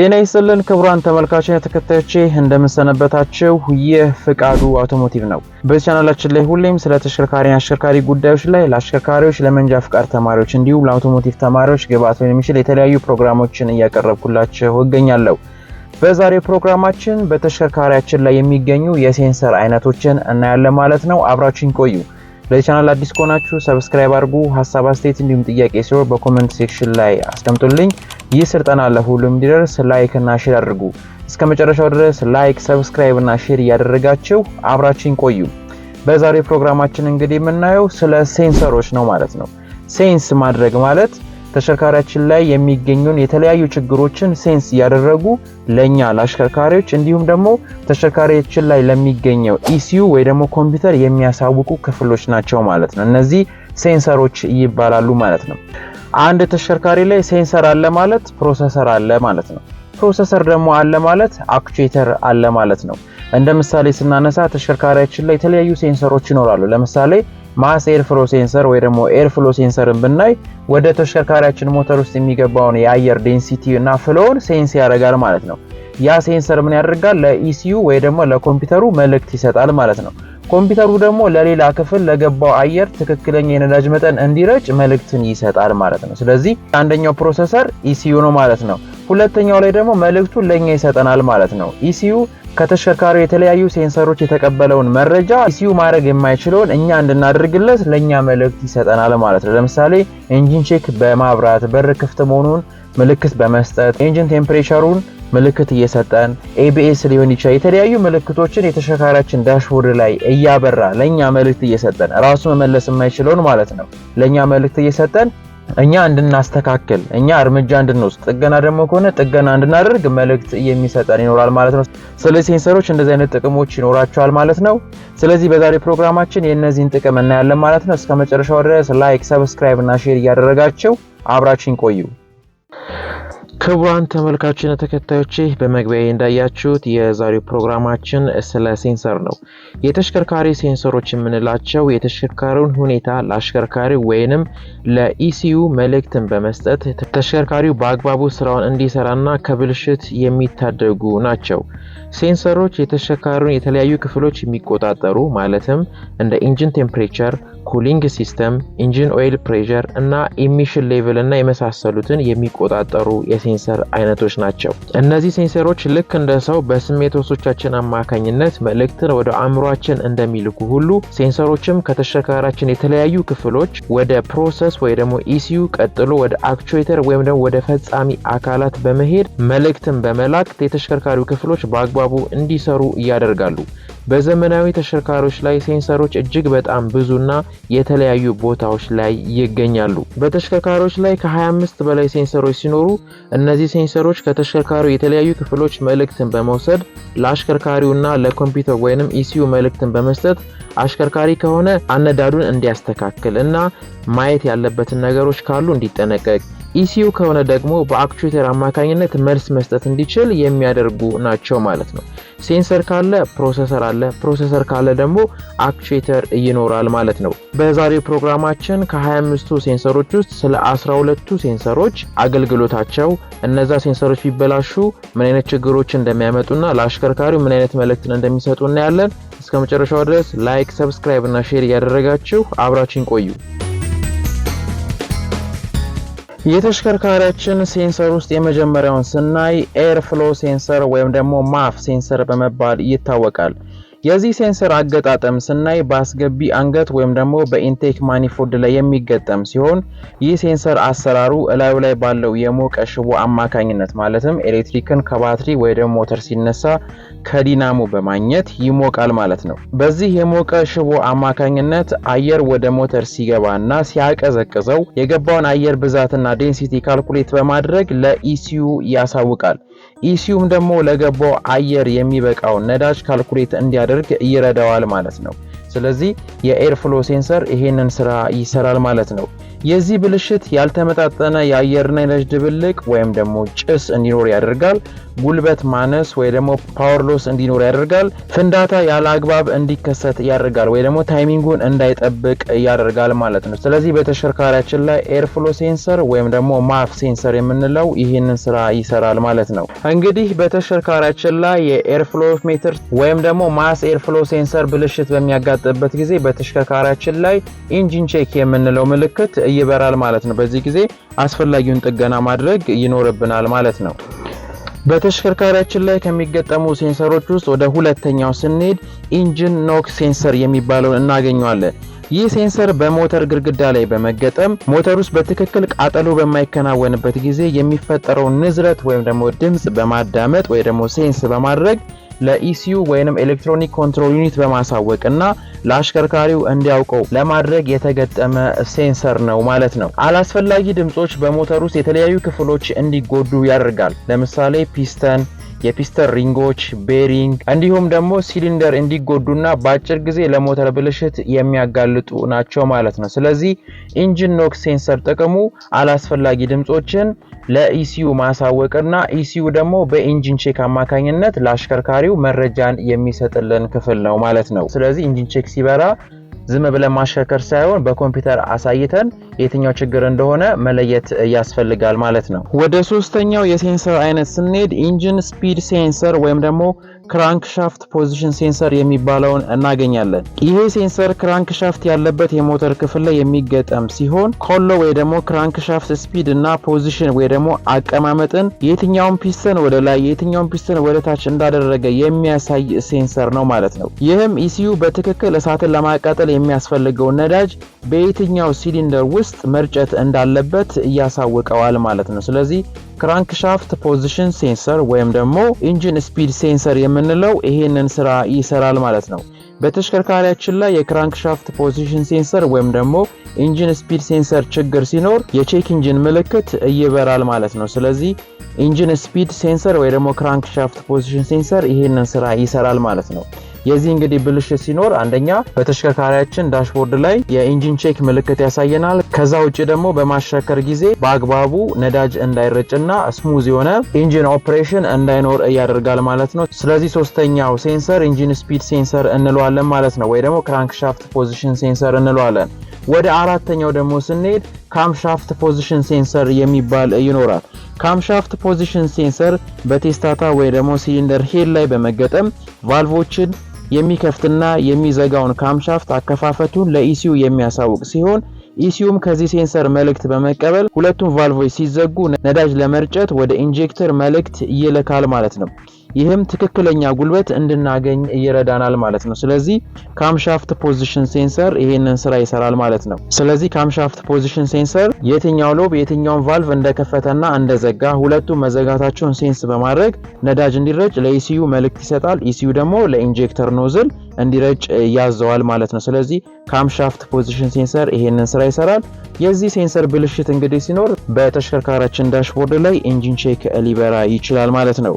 ጤና ይስጥልን ክቡራን ተመልካቾች ተከታዮቼ፣ እንደምንሰነበታችሁ ይህ ፍቃዱ አውቶሞቲቭ ነው። በቻናላችን ላይ ሁሌም ስለ ተሽከርካሪና አሽከርካሪ ጉዳዮች ላይ ለአሽከርካሪዎች፣ ለመንጃ ፍቃድ ተማሪዎች እንዲሁም ለአውቶሞቲቭ ተማሪዎች ግብዓት ሊሆን የሚችል የተለያዩ ፕሮግራሞችን እያቀረብኩላችሁ እገኛለሁ። በዛሬው ፕሮግራማችን በተሽከርካሪያችን ላይ የሚገኙ የሴንሰር አይነቶችን እናያለን ማለት ነው። አብራችን ቆዩ። ለቻናል አዲስ ከሆናችሁ ሰብስክራይብ አድርጉ። ሀሳብ አስተያየት፣ እንዲሁም ጥያቄ ሲኖር በኮሜንት ሴክሽን ላይ አስቀምጡልኝ። ይህ ስልጠና ለሁሉም እንዲደርስ ላይክ እና ሼር አድርጉ። እስከ መጨረሻው ድረስ ላይክ፣ ሰብስክራይብ እና ሼር እያደረጋችሁ አብራችን ቆዩ። በዛሬው ፕሮግራማችን እንግዲህ የምናየው ስለ ሴንሰሮች ነው ማለት ነው። ሴንስ ማድረግ ማለት ተሽከርካሪያችን ላይ የሚገኙን የተለያዩ ችግሮችን ሴንስ እያደረጉ ለኛ ለአሽከርካሪዎች እንዲሁም ደግሞ ተሽከርካሪያችን ላይ ለሚገኘው ኢሲዩ ወይ ደግሞ ኮምፒውተር የሚያሳውቁ ክፍሎች ናቸው ማለት ነው። እነዚህ ሴንሰሮች ይባላሉ ማለት ነው። አንድ ተሽከርካሪ ላይ ሴንሰር አለ ማለት ፕሮሰሰር አለ ማለት ነው። ፕሮሰሰር ደግሞ አለ ማለት አክቹዌተር አለ ማለት ነው። እንደ ምሳሌ ስናነሳ ተሽከርካሪያችን ላይ የተለያዩ ሴንሰሮች ይኖራሉ። ለምሳሌ ማስ ኤርፍሎ ሴንሰር ወይ ደግሞ ኤርፍሎ ሴንሰርን ብናይ ወደ ተሽከርካሪያችን ሞተር ውስጥ የሚገባውን የአየር ዴንሲቲ እና ፍሎውን ሴንስ ያደርጋል ማለት ነው። ያ ሴንሰር ምን ያደርጋል? ለኢሲዩ ወይ ደግሞ ለኮምፒውተሩ መልእክት ይሰጣል ማለት ነው። ኮምፒውተሩ ደግሞ ለሌላ ክፍል ለገባው አየር ትክክለኛ የነዳጅ መጠን እንዲረጭ መልእክትን ይሰጣል ማለት ነው። ስለዚህ አንደኛው ፕሮሰሰር ኢሲዩ ነው ማለት ነው። ሁለተኛው ላይ ደግሞ መልእክቱ ለኛ ይሰጠናል ማለት ነው። ኢሲዩ ከተሽከርካሪው የተለያዩ ሴንሰሮች የተቀበለውን መረጃ ሲዩ ማድረግ የማይችለውን እኛ እንድናደርግለት ለእኛ መልእክት ይሰጠናል ማለት ነው። ለምሳሌ ኢንጂን ቼክ በማብራት በር ክፍት መሆኑን ምልክት በመስጠት ኢንጂን ቴምፕሬቸሩን ምልክት እየሰጠን ኤቢኤስ ሊሆን ይችላል። የተለያዩ ምልክቶችን የተሽከርካሪያችን ዳሽቦርድ ላይ እያበራ ለእኛ መልእክት እየሰጠን ራሱ መመለስ የማይችለውን ማለት ነው ለእኛ መልእክት እየሰጠን እኛ እንድናስተካከል እኛ እርምጃ እንድንወስድ ጥገና ደግሞ ከሆነ ጥገና እንድናደርግ መልእክት የሚሰጠን ይኖራል ማለት ነው። ስለዚህ ሴንሰሮች እንደዚህ አይነት ጥቅሞች ይኖራቸዋል ማለት ነው። ስለዚህ በዛሬ ፕሮግራማችን የእነዚህን ጥቅም እናያለን ማለት ነው። እስከ መጨረሻው ድረስ ላይክ፣ ሰብስክራይብ እና ሼር እያደረጋቸው አብራችን ቆዩ። ክቡራን ተመልካቾችና ተከታዮች በመግቢያ እንዳያችሁት የዛሬው ፕሮግራማችን ስለ ሴንሰር ነው። የተሽከርካሪ ሴንሰሮች የምንላቸው የተሽከርካሪውን ሁኔታ ለአሽከርካሪ ወይንም ለኢሲዩ መልእክትን በመስጠት ተሽከርካሪው በአግባቡ ስራውን እንዲሰራና ከብልሽት የሚታደጉ ናቸው። ሴንሰሮች የተሽከርካሪውን የተለያዩ ክፍሎች የሚቆጣጠሩ ማለትም እንደ ኢንጂን ቴምፕሬቸር ኩሊንግ ሲስተም፣ ኢንጂን ኦይል ፕሬሸር እና ኢሚሽን ሌቭል እና የመሳሰሉትን የሚቆጣጠሩ የሴንሰር አይነቶች ናቸው። እነዚህ ሴንሰሮች ልክ እንደ ሰው በስሜት ህዋሶቻችን አማካኝነት መልእክትን ወደ አእምሯችን እንደሚልኩ ሁሉ ሴንሰሮችም ከተሽከርካሪያችን የተለያዩ ክፍሎች ወደ ፕሮሰስ ወይ ደግሞ ኢሲዩ ቀጥሎ ወደ አክቹዌተር ወይም ደግሞ ወደ ፈጻሚ አካላት በመሄድ መልእክትን በመላክ የተሽከርካሪው ክፍሎች በአግባቡ እንዲሰሩ እያደርጋሉ። በዘመናዊ ተሽከርካሪዎች ላይ ሴንሰሮች እጅግ በጣም ብዙና የተለያዩ ቦታዎች ላይ ይገኛሉ። በተሽከርካሪዎች ላይ ከ25 በላይ ሴንሰሮች ሲኖሩ እነዚህ ሴንሰሮች ከተሽከርካሪው የተለያዩ ክፍሎች መልእክትን በመውሰድ ለአሽከርካሪውና ለኮምፒውተር ወይንም ኢሲዩ መልእክትን በመስጠት አሽከርካሪ ከሆነ አነዳዱን እንዲያስተካክል እና ማየት ያለበትን ነገሮች ካሉ እንዲጠነቀቅ ኢሲዩ ከሆነ ደግሞ በአክቹዌተር አማካኝነት መልስ መስጠት እንዲችል የሚያደርጉ ናቸው ማለት ነው። ሴንሰር ካለ ፕሮሰሰር አለ፣ ፕሮሰሰር ካለ ደግሞ አክቹዌተር ይኖራል ማለት ነው። በዛሬው ፕሮግራማችን ከ25ቱ ሴንሰሮች ውስጥ ስለ 12ቱ ሴንሰሮች አገልግሎታቸው፣ እነዛ ሴንሰሮች ቢበላሹ ምን አይነት ችግሮች እንደሚያመጡና ለአሽከርካሪው ምን አይነት መልእክትን እንደሚሰጡ እናያለን። እስከ መጨረሻው ድረስ ላይክ፣ ሰብስክራይብ እና ሼር እያደረጋችሁ አብራችን ቆዩ። የተሽከርካሪያችን ሴንሰር ውስጥ የመጀመሪያውን ስናይ ኤርፍሎ ሴንሰር ወይም ደግሞ ማፍ ሴንሰር በመባል ይታወቃል። የዚህ ሴንሰር አገጣጠም ስናይ በአስገቢ አንገት ወይም ደግሞ በኢንቴክ ማኒፎልድ ላይ የሚገጠም ሲሆን ይህ ሴንሰር አሰራሩ እላዩ ላይ ባለው የሞቀ ሽቦ አማካኝነት ማለትም ኤሌክትሪክን ከባትሪ ወይ ደግሞ ሞተር ሲነሳ ከዲናሞ በማግኘት ይሞቃል ማለት ነው። በዚህ የሞቀ ሽቦ አማካኝነት አየር ወደ ሞተር ሲገባና ሲያቀዘቅዘው የገባውን አየር ብዛትና ዴንሲቲ ካልኩሌት በማድረግ ለኢሲዩ ያሳውቃል። ኢሲዩም ደግሞ ለገባው አየር የሚበቃው ነዳጅ ካልኩሌት እንዲያደርግ ይረዳዋል ማለት ነው። ስለዚህ የኤርፍሎ ሴንሰር ይሄንን ስራ ይሰራል ማለት ነው። የዚህ ብልሽት ያልተመጣጠነ የአየርና የነጭ ድብልቅ ወይም ደግሞ ጭስ እንዲኖር ያደርጋል። ጉልበት ማነስ ወይ ደግሞ ፓወር ሎስ እንዲኖር ያደርጋል። ፍንዳታ ያለ አግባብ እንዲከሰት ያደርጋል ወይ ደግሞ ታይሚንጉን እንዳይጠብቅ ያደርጋል ማለት ነው። ስለዚህ በተሽከርካሪያችን ላይ ኤርፍሎ ሴንሰር ወይም ደግሞ ማፍ ሴንሰር የምንለው ይህንን ስራ ይሰራል ማለት ነው። እንግዲህ በተሽከርካሪያችን ላይ የኤርፍሎ ሜትር ወይም ደግሞ ማስ ኤርፍሎ ሴንሰር ብልሽት በሚያጋጥበት ጊዜ በተሽከርካሪያችን ላይ ኢንጂን ቼክ የምንለው ምልክት ይበራል ማለት ነው። በዚህ ጊዜ አስፈላጊውን ጥገና ማድረግ ይኖርብናል ማለት ነው። በተሽከርካሪያችን ላይ ከሚገጠሙ ሴንሰሮች ውስጥ ወደ ሁለተኛው ስንሄድ ኢንጂን ኖክ ሴንሰር የሚባለውን እናገኘዋለን። ይህ ሴንሰር በሞተር ግድግዳ ላይ በመገጠም ሞተር ውስጥ በትክክል ቃጠሎ በማይከናወንበት ጊዜ የሚፈጠረውን ንዝረት ወይም ደግሞ ድምፅ በማዳመጥ ወይ ደግሞ ሴንስ በማድረግ ለኢሲዩ ወይንም ኤሌክትሮኒክ ኮንትሮል ዩኒት በማሳወቅ እና ለአሽከርካሪው እንዲያውቀው ለማድረግ የተገጠመ ሴንሰር ነው ማለት ነው። አላስፈላጊ ድምጾች በሞተር ውስጥ የተለያዩ ክፍሎች እንዲጎዱ ያደርጋል። ለምሳሌ ፒስተን የፒስተር ሪንጎች፣ ቤሪንግ እንዲሁም ደግሞ ሲሊንደር እንዲጎዱና በአጭር ጊዜ ለሞተር ብልሽት የሚያጋልጡ ናቸው ማለት ነው። ስለዚህ ኢንጂን ኖክ ሴንሰር ጥቅሙ አላስፈላጊ ድምጾችን ለኢሲዩ ማሳወቅና ኢሲዩ ደግሞ በኢንጂን ቼክ አማካኝነት ለአሽከርካሪው መረጃን የሚሰጥልን ክፍል ነው ማለት ነው። ስለዚህ ኢንጂን ቼክ ሲበራ ዝም ብለን ማሽከርከር ሳይሆን በኮምፒውተር አሳይተን የትኛው ችግር እንደሆነ መለየት ያስፈልጋል ማለት ነው። ወደ ሶስተኛው የሴንሰር አይነት ስንሄድ ኢንጂን ስፒድ ሴንሰር ወይም ደግሞ ክራንክሻፍት ፖዚሽን ሴንሰር የሚባለውን እናገኛለን። ይሄ ሴንሰር ክራንክሻፍት ያለበት የሞተር ክፍል ላይ የሚገጠም ሲሆን ኮሎ ወይ ደግሞ ክራንክሻፍት ስፒድ እና ፖዚሽን ወይ ደግሞ አቀማመጥን የትኛውን ፒስተን ወደ ላይ የትኛውን ፒስተን ወደ ታች እንዳደረገ የሚያሳይ ሴንሰር ነው ማለት ነው። ይህም ኢሲዩ በትክክል እሳትን ለማቃጠል የሚያስፈልገውን ነዳጅ በየትኛው ሲሊንደር ውስጥ መርጨት እንዳለበት እያሳውቀዋል ማለት ነው። ስለዚህ ክራንክሻፍት ፖዚሽን ሴንሰር ወይም ደግሞ ኢንጂን ስፒድ ሴንሰር የምን የምንለው ይሄንን ስራ ይሰራል ማለት ነው። በተሽከርካሪያችን ላይ የክራንክ ሻፍት ፖዚሽን ሴንሰር ወይም ደግሞ ኢንጂን ስፒድ ሴንሰር ችግር ሲኖር የቼክ ኢንጂን ምልክት ይበራል ማለት ነው። ስለዚህ ኢንጂን ስፒድ ሴንሰር ወይ ደግሞ ሻፍት ፖዚሽን ሴንሰር ይሄንን ስራ ይሰራል ማለት ነው። የዚህ እንግዲህ ብልሽት ሲኖር አንደኛ በተሽከርካሪያችን ዳሽቦርድ ላይ የኢንጂን ቼክ ምልክት ያሳየናል። ከዛ ውጭ ደግሞ በማሽከርከር ጊዜ በአግባቡ ነዳጅ እንዳይረጭና ስሙዝ የሆነ ኢንጂን ኦፕሬሽን እንዳይኖር እያደርጋል ማለት ነው። ስለዚህ ሶስተኛው ሴንሰር ኢንጂን ስፒድ ሴንሰር እንለዋለን ማለት ነው፣ ወይ ደግሞ ክራንክሻፍት ፖዚሽን ሴንሰር እንለዋለን። ወደ አራተኛው ደግሞ ስንሄድ ካምሻፍት ፖዚሽን ሴንሰር የሚባል ይኖራል። ካምሻፍት ፖዚሽን ሴንሰር በቴስታታ ወይ ደግሞ ሲሊንደር ሄድ ላይ በመገጠም ቫልቮችን የሚከፍትና የሚዘጋውን ካምሻፍት አከፋፈቱን ለኢሲዩ የሚያሳውቅ ሲሆን ኢሲዩም ከዚህ ሴንሰር መልእክት በመቀበል ሁለቱም ቫልቮች ሲዘጉ ነዳጅ ለመርጨት ወደ ኢንጀክተር መልእክት ይልካል ማለት ነው። ይህም ትክክለኛ ጉልበት እንድናገኝ ይረዳናል ማለት ነው። ስለዚህ ካምሻፍት ፖዚሽን ሴንሰር ይሄንን ስራ ይሰራል ማለት ነው። ስለዚህ ካምሻፍት ፖዚሽን ሴንሰር የትኛው ሎብ የትኛውን ቫልቭ እንደከፈተና እንደዘጋ ሁለቱ መዘጋታቸውን ሴንስ በማድረግ ነዳጅ እንዲረጭ ለኢሲዩ መልእክት ይሰጣል። ኢሲዩ ደግሞ ለኢንጀክተር ኖዝል እንዲረጭ ያዘዋል ማለት ነው። ስለዚህ ካምሻፍት ፖዚሽን ሴንሰር ይሄንን ስራ ይሰራል። የዚህ ሴንሰር ብልሽት እንግዲህ ሲኖር በተሽከርካሪያችን ዳሽቦርድ ላይ ኢንጂን ቼክ ሊበራ ይችላል ማለት ነው።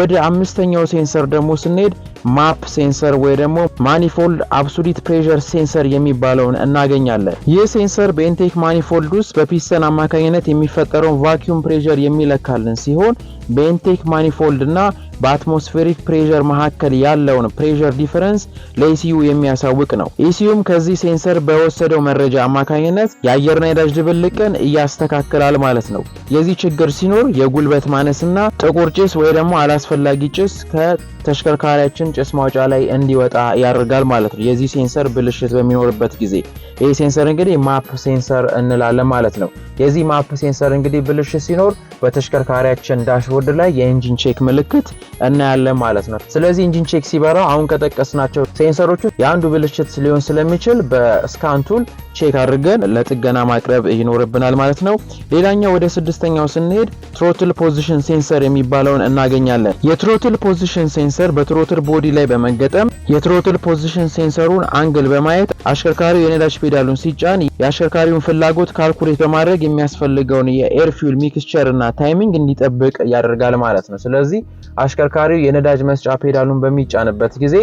ወደ አምስተኛው ሴንሰር ደግሞ ስንሄድ ማፕ ሴንሰር ወይ ደግሞ ማኒፎልድ አብሶሉት ፕሬሸር ሴንሰር የሚባለውን እናገኛለን። ይህ ሴንሰር በኢንቴክ ማኒፎልድ ውስጥ በፒስተን አማካኝነት የሚፈጠረውን ቫኪዩም ፕሬሸር የሚለካልን ሲሆን በኢንቴክ ማኒፎልድ እና በአትሞስፌሪክ ፕሬሸር መካከል ያለውን ፕሬሸር ዲፈረንስ ለኢሲዩ የሚያሳውቅ ነው። ኢሲዩም ከዚህ ሴንሰር በወሰደው መረጃ አማካኝነት የአየርና የዳጅ ድብልቅን እያስተካክላል ማለት ነው። የዚህ ችግር ሲኖር የጉልበት ማነስና ጥቁር ጭስ ወይ ደግሞ አላስፈላጊ ጭስ ከተሽከርካሪያችን ጭስ ማውጫ ላይ እንዲወጣ ያደርጋል ማለት ነው። የዚህ ሴንሰር ብልሽት በሚኖርበት ጊዜ ይህ ሴንሰር እንግዲህ ማፕ ሴንሰር እንላለን ማለት ነው። የዚህ ማፕ ሴንሰር እንግዲህ ብልሽት ሲኖር በተሽከርካሪያችን ዳሽቦርድ ላይ የኢንጂን ቼክ ምልክት እናያለን ማለት ነው። ስለዚህ ኢንጂን ቼክ ሲበራ አሁን ከጠቀስናቸው ሴንሰሮቹ የአንዱ ብልሽት ሊሆን ስለሚችል በስካን ቱል ቼክ አድርገን ለጥገና ማቅረብ ይኖርብናል ማለት ነው። ሌላኛው ወደ ስድስተኛው ስንሄድ ትሮትል ፖዚሽን ሴንሰር የሚባለውን እናገኛለን። የትሮትል ፖዚሽን ሴንሰር በትሮትል ቦዲ ላይ በመገጠም የትሮትል ፖዚሽን ሴንሰሩን አንግል በማየት አሽከርካሪው የነዳጅ ፔዳሉን ሲጫን የአሽከርካሪውን ፍላጎት ካልኩሌት በማድረግ የሚያስፈልገውን የኤር ፊውል ሚክስቸር እና ታይሚንግ እንዲጠብቅ ያደርጋል ማለት ነው። ስለዚህ አሽከርካሪው የነዳጅ መስጫ ፔዳሉን በሚጫንበት ጊዜ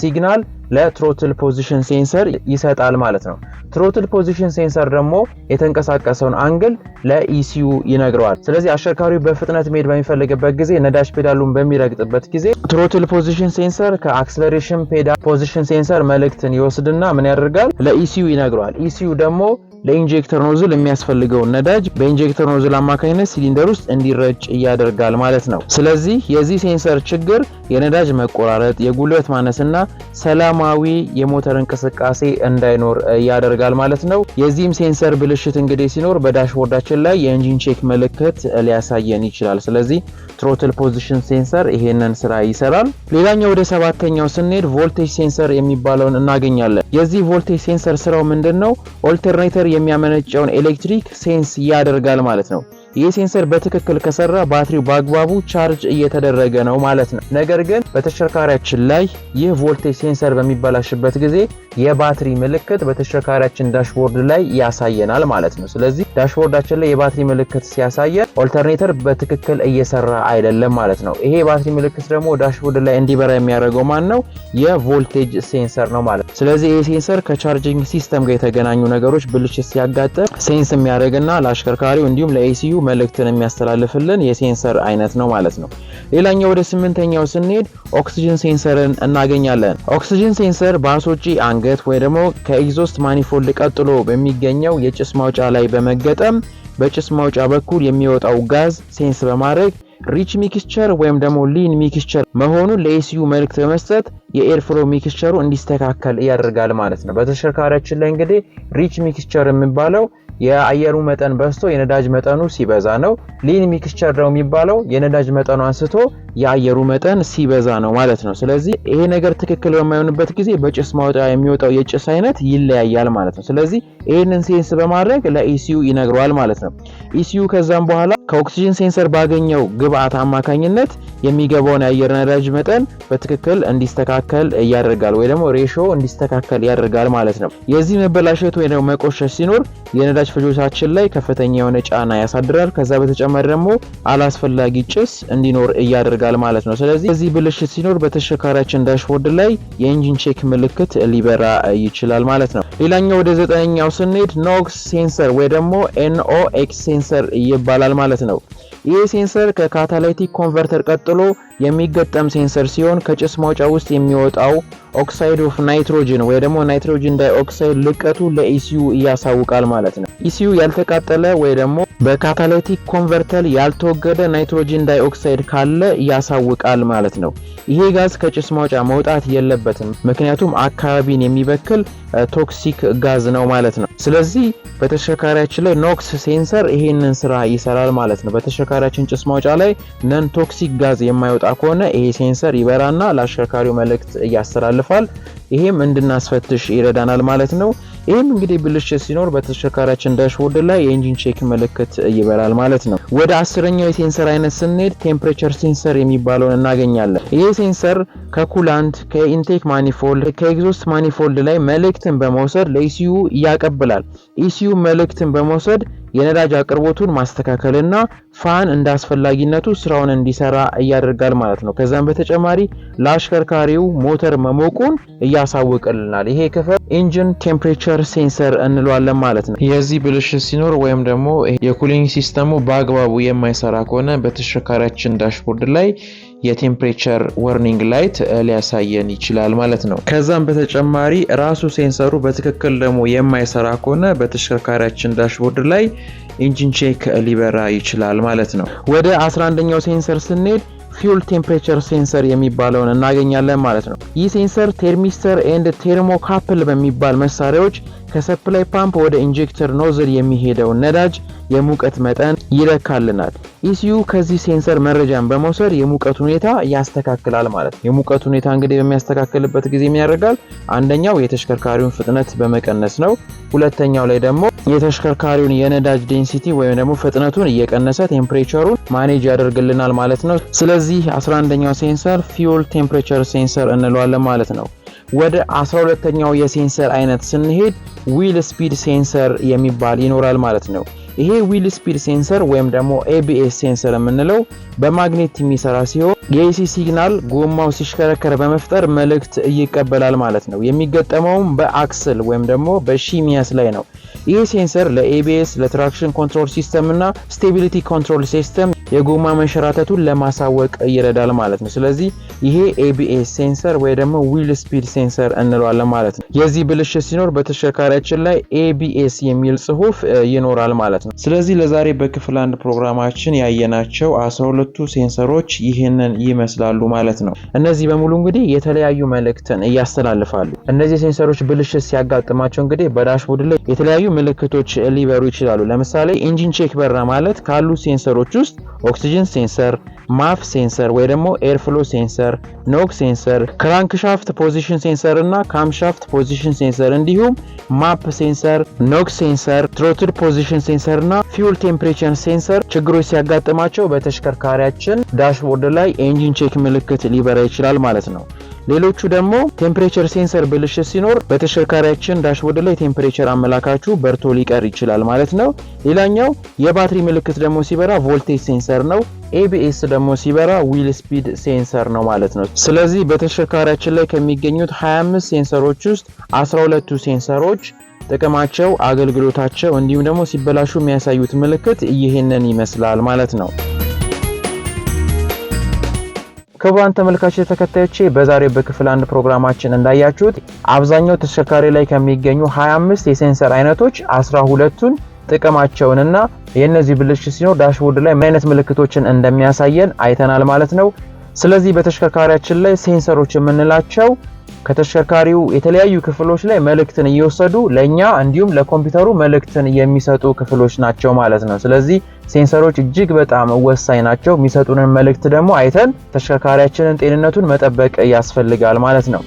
ሲግናል ለትሮትል ፖዚሽን ሴንሰር ይሰጣል ማለት ነው። ትሮትል ፖዚሽን ሴንሰር ደግሞ የተንቀሳቀሰውን አንግል ለኢሲዩ ይነግረዋል። ስለዚህ አሽከርካሪው በፍጥነት መሄድ በሚፈልግበት ጊዜ ነዳጅ ፔዳሉን በሚረግጥበት ጊዜ ትሮትል ፖዚሽን ሴንሰር ከአክስለሬሽን ፔዳል ፖዚሽን ሴንሰር መልእክትን ይወስድና ምን ያደርጋል? ለኢሲዩ ይነግረዋል። ኢሲዩ ደግሞ ለኢንጀክተር ኖዝል የሚያስፈልገውን ነዳጅ በኢንጀክተር ኖዝል አማካኝነት ሲሊንደር ውስጥ እንዲረጭ እያደርጋል ማለት ነው። ስለዚህ የዚህ ሴንሰር ችግር የነዳጅ መቆራረጥ፣ የጉልበት ማነስና ሰላማዊ የሞተር እንቅስቃሴ እንዳይኖር ያደርጋል ማለት ነው። የዚህም ሴንሰር ብልሽት እንግዲህ ሲኖር በዳሽቦርዳችን ላይ የኢንጂን ቼክ ምልክት ሊያሳየን ይችላል። ስለዚህ ትሮትል ፖዚሽን ሴንሰር ይሄንን ስራ ይሰራል። ሌላኛው ወደ ሰባተኛው ስንሄድ ቮልቴጅ ሴንሰር የሚባለውን እናገኛለን። የዚህ ቮልቴጅ ሴንሰር ስራው ምንድን ነው? ኦልተርኔተር የሚያመነጨውን ኤሌክትሪክ ሴንስ ያደርጋል ማለት ነው። ይህ ሴንሰር በትክክል ከሰራ ባትሪው በአግባቡ ቻርጅ እየተደረገ ነው ማለት ነው። ነገር ግን በተሽከርካሪያችን ላይ ይህ ቮልቴጅ ሴንሰር በሚበላሽበት ጊዜ የባትሪ ምልክት በተሽከርካሪያችን ዳሽቦርድ ላይ ያሳየናል ማለት ነው። ስለዚህ ዳሽቦርዳችን ላይ የባትሪ ምልክት ሲያሳየን ኦልተርኔተር በትክክል እየሰራ አይደለም ማለት ነው። ይሄ ባትሪ ምልክት ደግሞ ዳሽቦርድ ላይ እንዲበራ የሚያደርገው ማን ነው? የቮልቴጅ ሴንሰር ነው ማለት ነው። ስለዚህ ይሄ ሴንሰር ከቻርጅንግ ሲስተም ጋር የተገናኙ ነገሮች ብልሽት ሲያጋጥም ሴንስ የሚያደርግና ለአሽከርካሪው እንዲሁም ለኤሲዩ መልእክትን የሚያስተላልፍልን የሴንሰር አይነት ነው ማለት ነው። ሌላኛው ወደ ስምንተኛው ስንሄድ ኦክሲጅን ሴንሰርን እናገኛለን። ኦክሲጅን ሴንሰር በአሶጪ አንገት ወይ ደግሞ ከኤግዞስት ማኒፎልድ ቀጥሎ በሚገኘው የጭስ ማውጫ ላይ በመገጠም በጭስ ማውጫ በኩል የሚወጣው ጋዝ ሴንስ በማድረግ ሪች ሚክስቸር ወይም ደግሞ ሊን ሚክስቸር መሆኑን ለኤሲዩ መልእክት በመስጠት የኤርፍሎ ሚክስቸሩ እንዲስተካከል ያደርጋል ማለት ነው። በተሽከርካሪያችን ላይ እንግዲህ ሪች ሚክስቸር የሚባለው የአየሩ መጠን በዝቶ የነዳጅ መጠኑ ሲበዛ ነው። ሊን ሚክስቸር ነው የሚባለው የነዳጅ መጠኑ አንስቶ የአየሩ መጠን ሲበዛ ነው ማለት ነው። ስለዚህ ይሄ ነገር ትክክል በማይሆንበት ጊዜ በጭስ ማውጣ የሚወጣው የጭስ አይነት ይለያያል ማለት ነው። ስለዚህ ይህንን ሴንስ በማድረግ ለኢሲዩ ይነግረዋል ማለት ነው። ኢሲዩ ከዛም በኋላ ከኦክሲጅን ሴንሰር ባገኘው ግብአት አማካኝነት የሚገባውን የአየር ነዳጅ መጠን በትክክል እንዲስተካከል ያደርጋል ወይ ደግሞ ሬሾ እንዲስተካከል ያደርጋል ማለት ነው። የዚህ መበላሸት ወይ ደግሞ መቆሸሽ ሲኖር የነዳጅ ነዳጅ ላይ ከፍተኛ የሆነ ጫና ያሳድራል። ከዛ በተጨማሪ ደግሞ አላስፈላጊ ጭስ እንዲኖር እያደርጋል ማለት ነው። ስለዚህ እዚህ ብልሽት ሲኖር በተሽከርካሪያችን ዳሽቦርድ ላይ የኢንጂን ቼክ ምልክት ሊበራ ይችላል ማለት ነው። ሌላኛው ወደ ዘጠነኛው ስንሄድ ኖክስ ሴንሰር ወይ ደግሞ ኤንኦኤክስ ሴንሰር ይባላል ማለት ነው። ይህ ሴንሰር ከካታላይቲክ ኮንቨርተር ቀጥሎ የሚገጠም ሴንሰር ሲሆን ከጭስ ማውጫ ውስጥ የሚወጣው ኦክሳይድ ኦፍ ናይትሮጅን ወይ ደግሞ ናይትሮጅን ዳይኦክሳይድ ልቀቱ ለኢሲዩ እያሳውቃል ማለት ነው። ኢሲዩ ያልተቃጠለ ወይ ደግሞ በካታሊቲክ ኮንቨርተር ያልተወገደ ናይትሮጅን ዳይኦክሳይድ ካለ ያሳውቃል ማለት ነው። ይሄ ጋዝ ከጭስ ማውጫ መውጣት የለበትም፣ ምክንያቱም አካባቢን የሚበክል ቶክሲክ ጋዝ ነው ማለት ነው። ስለዚህ በተሽከርካሪያችን ላይ ኖክስ ሴንሰር ይሄንን ስራ ይሰራል ማለት ነው። በተሽከርካሪያችን ጭስ ማውጫ ላይ ነን ቶክሲክ ጋዝ የማይወጣ ከሆነ ይሄ ሴንሰር ይበራና ለአሽከርካሪው መልእክት ያስተላልፋል። ይሄም እንድናስፈትሽ ይረዳናል ማለት ነው። ይህም እንግዲህ ብልሽት ሲኖር በተሽከርካሪያችን ዳሽቦርድ ላይ የኢንጂን ቼክ ምልክት ይበራል ማለት ነው። ወደ አስረኛው የሴንሰር አይነት ስንሄድ ቴምፕሬቸር ሴንሰር የሚባለውን እናገኛለን። ይህ ሴንሰር ከኩላንት፣ ከኢንቴክ ማኒፎልድ፣ ከኤግዞስት ማኒፎልድ ላይ መልእክትን በመውሰድ ለኢሲዩ ያቀብላል። ኢሲዩ መልእክትን በመውሰድ የነዳጅ አቅርቦቱን ማስተካከልና ፋን እንደ አስፈላጊነቱ ስራውን እንዲሰራ እያደርጋል ማለት ነው። ከዛም በተጨማሪ ለአሽከርካሪው ሞተር መሞቁን እያሳወቅልናል። ይሄ ክፍል ኢንጂን ቴምፕሬቸር ሴንሰር እንለዋለን ማለት ነው። የዚህ ብልሽት ሲኖር ወይም ደግሞ የኩሊንግ ሲስተሙ በአግባቡ የማይሰራ ከሆነ በተሽከርካሪያችን ዳሽቦርድ ላይ የቴምፕሬቸር ወርኒንግ ላይት uh, ሊያሳየን ይችላል ማለት ነው። ከዛም በተጨማሪ ራሱ ሴንሰሩ በትክክል ደግሞ የማይሰራ ከሆነ በተሽከርካሪያችን ዳሽቦርድ ላይ ኢንጂን ቼክ ሊበራ ይችላል ማለት ነው። ወደ 11ኛው ሴንሰር ስንሄድ ፊውል ቴምፕሬቸር ሴንሰር የሚባለውን እናገኛለን ማለት ነው። ይህ ሴንሰር ቴርሚስተር ኤንድ ቴርሞካፕል በሚባል መሳሪያዎች ከሰፕላይ ፓምፕ ወደ ኢንጀክተር ኖዝል የሚሄደው ነዳጅ የሙቀት መጠን ይለካልናል። ኢሲዩ ከዚህ ሴንሰር መረጃን በመውሰድ የሙቀት ሁኔታ ያስተካክላል ማለት ነው። የሙቀት ሁኔታ እንግዲህ በሚያስተካክልበት ጊዜ ምን ያደርጋል? አንደኛው የተሽከርካሪውን ፍጥነት በመቀነስ ነው። ሁለተኛው ላይ ደግሞ የተሽከርካሪውን የነዳጅ ዴንሲቲ ወይም ደግሞ ፍጥነቱን እየቀነሰ ቴምፕሬቸሩን ማኔጅ ያደርግልናል ማለት ነው። ስለዚህ 11ኛው ሴንሰር ፊውል ቴምፕሬቸር ሴንሰር እንለዋለን ማለት ነው። ወደ 12ተኛው የሴንሰር አይነት ስንሄድ ዊል ስፒድ ሴንሰር የሚባል ይኖራል ማለት ነው። ይሄ ዊል ስፒድ ሴንሰር ወይም ደግሞ ኤቢኤስ ሴንሰር የምንለው በማግኔት የሚሰራ ሲሆን የኤሲ ሲግናል ጎማው ሲሽከረከር በመፍጠር መልእክት ይቀበላል ማለት ነው። የሚገጠመውም በአክስል ወይም ደግሞ በሺሚያስ ላይ ነው። ይህ ሴንሰር ለኤቢኤስ፣ ለትራክሽን ኮንትሮል ሲስተም እና ስቴቢሊቲ ኮንትሮል ሲስተም የጎማ መንሸራተቱን ለማሳወቅ ይረዳል ማለት ነው። ስለዚህ ይሄ ኤቢኤስ ሴንሰር ወይ ደግሞ ዊል ስፒድ ሴንሰር እንለዋለን ማለት ነው። የዚህ ብልሽት ሲኖር በተሽከርካሪያችን ላይ ኤቢኤስ የሚል ጽሁፍ ይኖራል ማለት ነው። ስለዚህ ለዛሬ በክፍል አንድ ፕሮግራማችን ያየናቸው አስራ ሁለቱ ሴንሰሮች ይህንን ይመስላሉ ማለት ነው። እነዚህ በሙሉ እንግዲህ የተለያዩ መልእክትን እያስተላልፋሉ። እነዚህ ሴንሰሮች ብልሽት ሲያጋጥማቸው እንግዲህ በዳሽቦርድ ላይ የተለያዩ የተለያዩ ምልክቶች ሊበሩ ይችላሉ። ለምሳሌ ኢንጂን ቼክ በራ ማለት ካሉ ሴንሰሮች ውስጥ ኦክሲጅን ሴንሰር፣ ማፍ ሴንሰር ወይ ደግሞ ኤርፍሎ ሴንሰር፣ ኖክ ሴንሰር፣ ክራንክ ሻፍት ፖዚሽን ሴንሰር እና ካምሻፍት ፖዚሽን ሴንሰር እንዲሁም ማፕ ሴንሰር፣ ኖክ ሴንሰር፣ ትሮትል ፖዚሽን ሴንሰር እና ፊውል ቴምፕሬቸር ሴንሰር ችግሮች ሲያጋጥማቸው በተሽከርካሪያችን ዳሽቦርድ ላይ ኢንጂን ቼክ ምልክት ሊበራ ይችላል ማለት ነው። ሌሎቹ ደግሞ ቴምፕሬቸር ሴንሰር ብልሽት ሲኖር በተሽከርካሪያችን ዳሽቦርድ ላይ ቴምፕሬቸር አመላካቹ በርቶ ሊቀር ይችላል ማለት ነው። ሌላኛው የባትሪ ምልክት ደግሞ ሲበራ ቮልቴጅ ሴንሰር ነው። ኤቢኤስ ደግሞ ሲበራ ዊል ስፒድ ሴንሰር ነው ማለት ነው። ስለዚህ በተሽከርካሪያችን ላይ ከሚገኙት 25 ሴንሰሮች ውስጥ 12ቱ ሴንሰሮች ጥቅማቸው፣ አገልግሎታቸው እንዲሁም ደግሞ ሲበላሹ የሚያሳዩት ምልክት ይህንን ይመስላል ማለት ነው። ክቡራን ተመልካች ተከታዮቼ በዛሬ በክፍል አንድ ፕሮግራማችን እንዳያችሁት አብዛኛው ተሽከርካሪ ላይ ከሚገኙ 25 የሴንሰር አይነቶች 12ቱን ጥቅማቸውንና የእነዚህ ብልሽት ሲኖር ዳሽቦርድ ላይ ምን አይነት ምልክቶችን እንደሚያሳየን አይተናል ማለት ነው። ስለዚህ በተሽከርካሪያችን ላይ ሴንሰሮች የምንላቸው ከተሽከርካሪው የተለያዩ ክፍሎች ላይ መልእክትን እየወሰዱ ለእኛ እንዲሁም ለኮምፒውተሩ መልእክትን የሚሰጡ ክፍሎች ናቸው ማለት ነው። ስለዚህ ሴንሰሮች እጅግ በጣም ወሳኝ ናቸው። የሚሰጡንን መልእክት ደግሞ አይተን ተሽከርካሪያችንን ጤንነቱን መጠበቅ ያስፈልጋል ማለት ነው።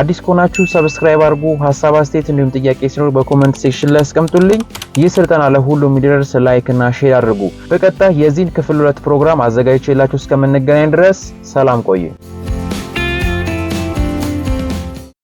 አዲስ ከሆናችሁ ሰብስክራይብ አድርጉ። ሀሳብ አስተያየት፣ እንዲሁም ጥያቄ ሲኖር በኮመንት ሴክሽን ላይ አስቀምጡልኝ። ይህ ስልጠና ለሁሉም እንዲደርስ ላይክ እና ሼር አድርጉ። በቀጣይ የዚህን ክፍል ሁለት ፕሮግራም አዘጋጅቼላችሁ እስከምንገናኝ ድረስ ሰላም ቆዩ።